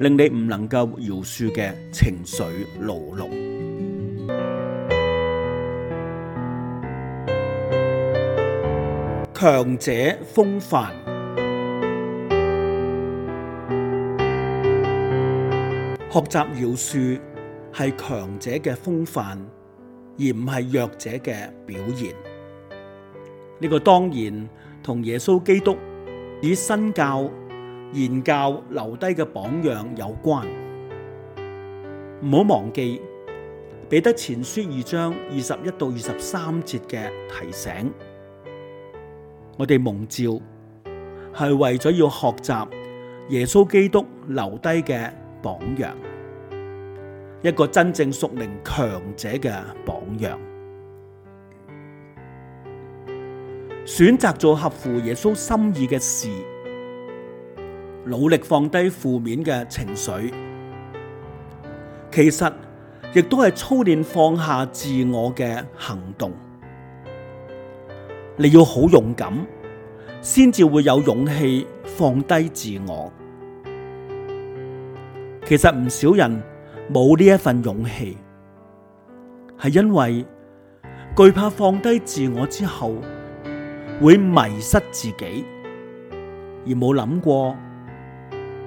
令你唔能夠饒恕嘅情緒牢籠，強者風範。學習饒恕係強者嘅風範，而唔係弱者嘅表現。呢個當然同耶穌基督以身教、言教留低嘅榜樣有關，唔好忘記彼得前書二章二十一到二十三節嘅提醒，我哋蒙召係為咗要學習耶穌基督留低嘅榜樣，一個真正屬靈強者嘅榜樣，選擇做合乎耶穌心意嘅事。努力放低負面嘅情緒，其實亦都係操練放下自我嘅行動。你要好勇敢，先至會有勇氣放低自我。其實唔少人冇呢一份勇氣，係因為懼怕放低自我之後會迷失自己，而冇諗過。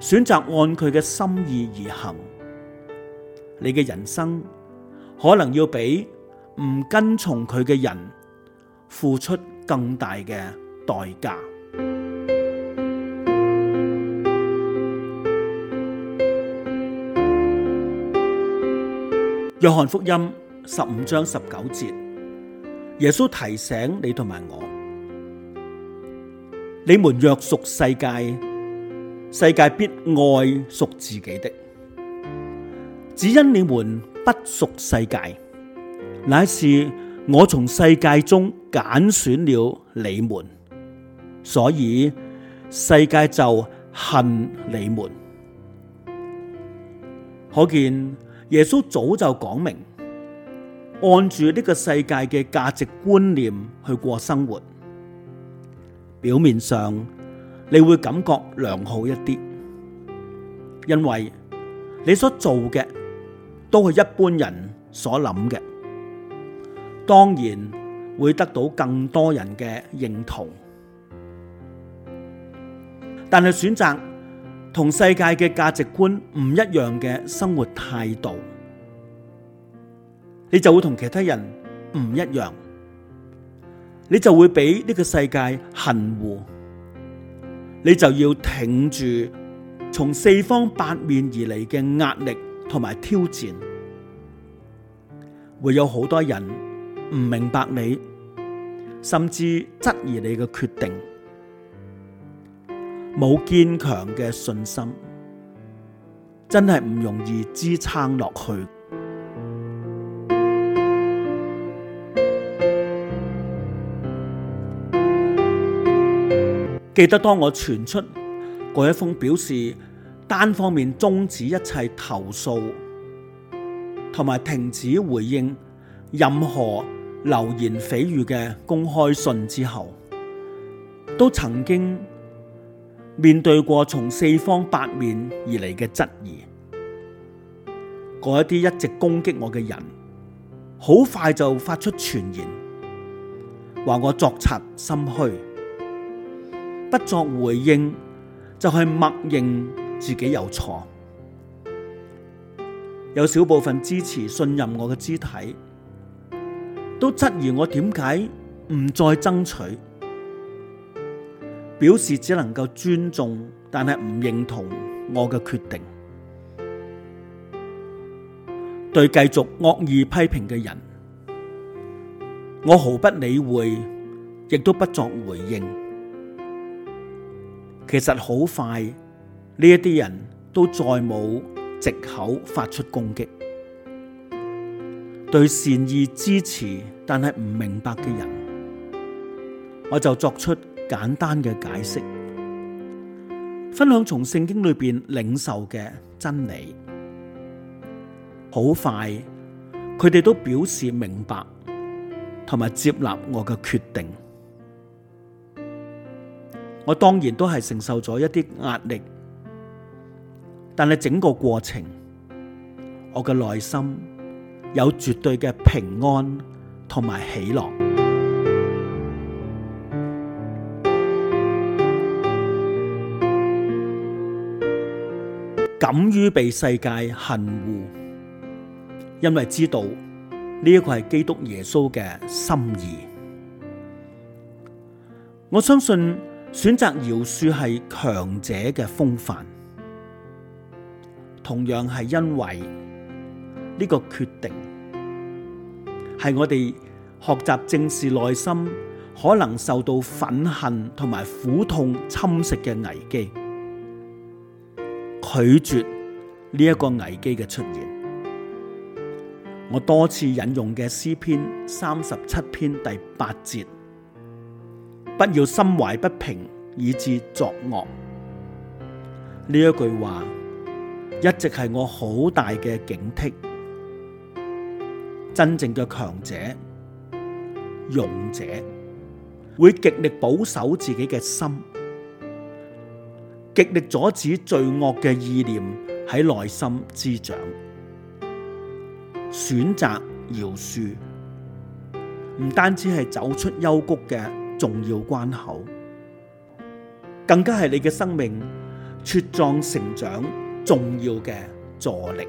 選擇按佢嘅心意而行，你嘅人生可能要比唔跟從佢嘅人付出更大嘅代價。約翰福音十五章十九節，耶穌提醒你同埋我：你們若屬世界。世界必愛屬自己的，只因你們不屬世界，乃是我從世界中揀選了你們，所以世界就恨你們。可見耶穌早就講明，按住呢個世界嘅價值觀念去過生活，表面上。你會感覺良好一啲，因為你所做嘅都係一般人所諗嘅，當然會得到更多人嘅認同。但係選擇同世界嘅價值觀唔一樣嘅生活態度，你就會同其他人唔一樣，你就會俾呢個世界恨惡。你就要挺住，從四方八面而嚟嘅壓力同埋挑戰，會有好多人唔明白你，甚至質疑你嘅決定，冇堅強嘅信心，真係唔容易支撐落去。記得當我傳出嗰一封表示單方面終止一切投訴同埋停止回應任何流言蜚語嘅公開信之後，都曾經面對過從四方八面而嚟嘅質疑。嗰啲一直攻擊我嘅人，好快就發出傳言，話我作賊心虛。不作回應，就係默認自己有錯。有少部分支持信任我嘅肢體，都質疑我點解唔再爭取，表示只能夠尊重，但係唔認同我嘅決定。對繼續惡意批評嘅人，我毫不理會，亦都不作回應。其實好快，呢一啲人都再冇藉口發出攻擊，對善意支持但係唔明白嘅人，我就作出簡單嘅解釋，分享從聖經裏邊領受嘅真理。好快，佢哋都表示明白，同埋接納我嘅決定。我當然都係承受咗一啲壓力，但係整個過程，我嘅內心有絕對嘅平安同埋喜樂。敢於被世界恨惡，因為知道呢一、呢個係基督耶穌嘅心意。我相信。選擇饒恕係強者嘅風範，同樣係因為呢個決定係我哋學習正視內心可能受到憤恨同埋苦痛侵蝕嘅危機，拒絕呢一個危機嘅出現。我多次引用嘅詩篇三十七篇第八節。不要心懷不平，以致作惡。呢一句話一直係我好大嘅警惕。真正嘅強者、勇者，會極力保守自己嘅心，極力阻止罪惡嘅意念喺內心滋長。選擇饒恕，唔單止係走出幽谷嘅，重要關口，更加係你嘅生命茁壯成長重要嘅助力。